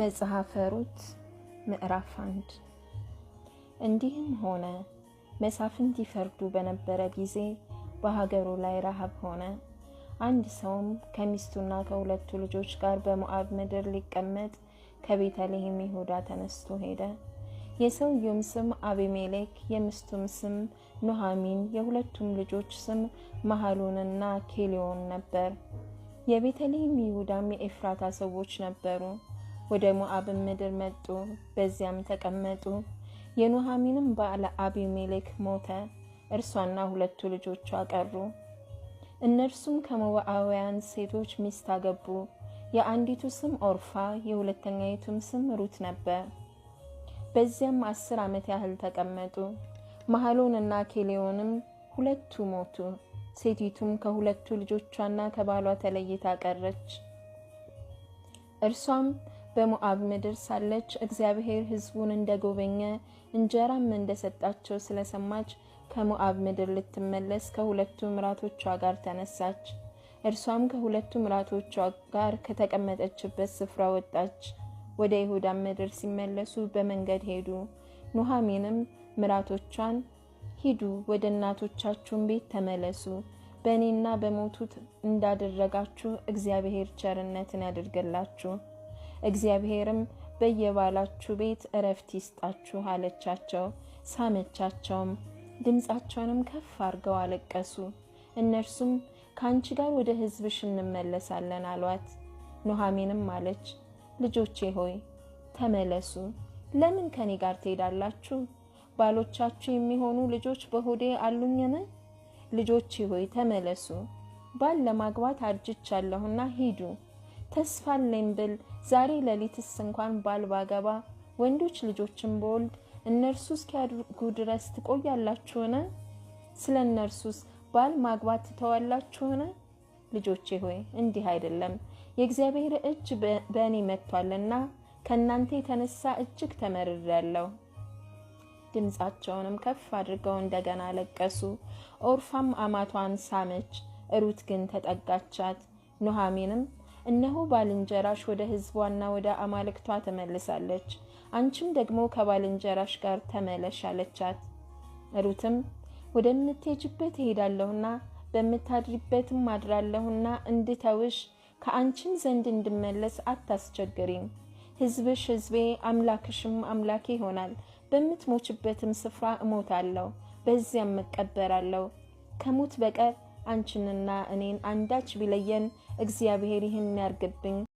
መጽሐፈ ሩት ምዕራፍ አንድ እንዲህም ሆነ መሳፍንት ይፈርዱ በነበረ ጊዜ በሀገሩ ላይ ረሃብ ሆነ። አንድ ሰውም ከሚስቱና ከሁለቱ ልጆች ጋር በሞዓብ ምድር ሊቀመጥ ከቤተልሔም ይሁዳ ተነስቶ ሄደ። የሰውየውም ስም አቤሜሌክ፣ የሚስቱም ስም ኑሃሚን፣ የሁለቱም ልጆች ስም መሃሉንና ኬሊዮን ነበር። የቤተልሔም ይሁዳም የኤፍራታ ሰዎች ነበሩ። ወደ ሞዓብን ምድር መጡ፣ በዚያም ተቀመጡ። የኑኃሚንም ባለ አቢሜሌክ ሞተ፣ እርሷና ሁለቱ ልጆቿ ቀሩ። እነርሱም ከሞዓባውያን ሴቶች ሚስት አገቡ። የአንዲቱ ስም ኦርፋ የሁለተኛይቱም ስም ሩት ነበር። በዚያም አስር ዓመት ያህል ተቀመጡ። መሐሎንና ኬሌዮንም ሁለቱ ሞቱ። ሴቲቱም ከሁለቱ ልጆቿና ከባሏ ተለይታ ቀረች። እርሷም በሞዓብ ምድር ሳለች እግዚአብሔር ሕዝቡን እንደጎበኘ እንጀራም እንደሰጣቸው ስለሰማች ከሞዓብ ምድር ልትመለስ ከሁለቱ ምራቶቿ ጋር ተነሳች። እርሷም ከሁለቱ ምራቶቿ ጋር ከተቀመጠችበት ስፍራ ወጣች። ወደ ይሁዳ ምድር ሲመለሱ በመንገድ ሄዱ። ኑኃሚንም ምራቶቿን ሂዱ፣ ወደ እናቶቻችሁን ቤት ተመለሱ፣ በእኔና በሞቱት እንዳደረጋችሁ እግዚአብሔር ቸርነትን ያድርግላችሁ እግዚአብሔርም በየባላችሁ ቤት እረፍት ይስጣችሁ አለቻቸው። ሳመቻቸውም፣ ድምፃቸውንም ከፍ አድርገው አለቀሱ። እነርሱም ከአንቺ ጋር ወደ ሕዝብሽ እንመለሳለን አሏት። ኑኃሚንም አለች፣ ልጆቼ ሆይ ተመለሱ። ለምን ከኔ ጋር ትሄዳላችሁ? ባሎቻችሁ የሚሆኑ ልጆች በሆዴ አሉኝን? ልጆቼ ሆይ ተመለሱ። ባል ለማግባት አርጅቻለሁና ሂዱ ተስፋ አለኝ ብል ዛሬ ሌሊትስ እንኳን ባል ባገባ ወንዶች ልጆችን በወልድ እነርሱ እስኪያድጉ ድረስ ትቆያላችሁን? ስለ እነርሱስ ባል ማግባት ትተዋላችሁን? ልጆቼ ሆይ እንዲህ አይደለም። የእግዚአብሔር እጅ በእኔ መጥቷልና ከእናንተ የተነሳ እጅግ ተመርሬያለሁ። ድምፃቸውንም ከፍ አድርገው እንደገና ለቀሱ። ኦርፋም አማቷን ሳመች፣ ሩት ግን ተጠጋቻት። ኑኃሚንም እነሆ ባልንጀራሽ ወደ ህዝቧና ወደ አማልክቷ ተመልሳለች፣ አንቺም ደግሞ ከባልንጀራሽ ጋር ተመለሽ አለቻት። ሩትም ወደምትሄጅበት እሄዳለሁና በምታድሪበትም አድራለሁና እንድተውሽ ከአንቺም ዘንድ እንድመለስ አታስቸግሪኝ። ህዝብሽ ህዝቤ አምላክሽም አምላኬ ይሆናል። በምትሞችበትም ስፍራ እሞታለሁ፣ በዚያም እቀበራለሁ። ከሞት በቀር አንቺንና እኔን አንዳች ቢለየን እግዚአብሔር ይህን ያርግብኝ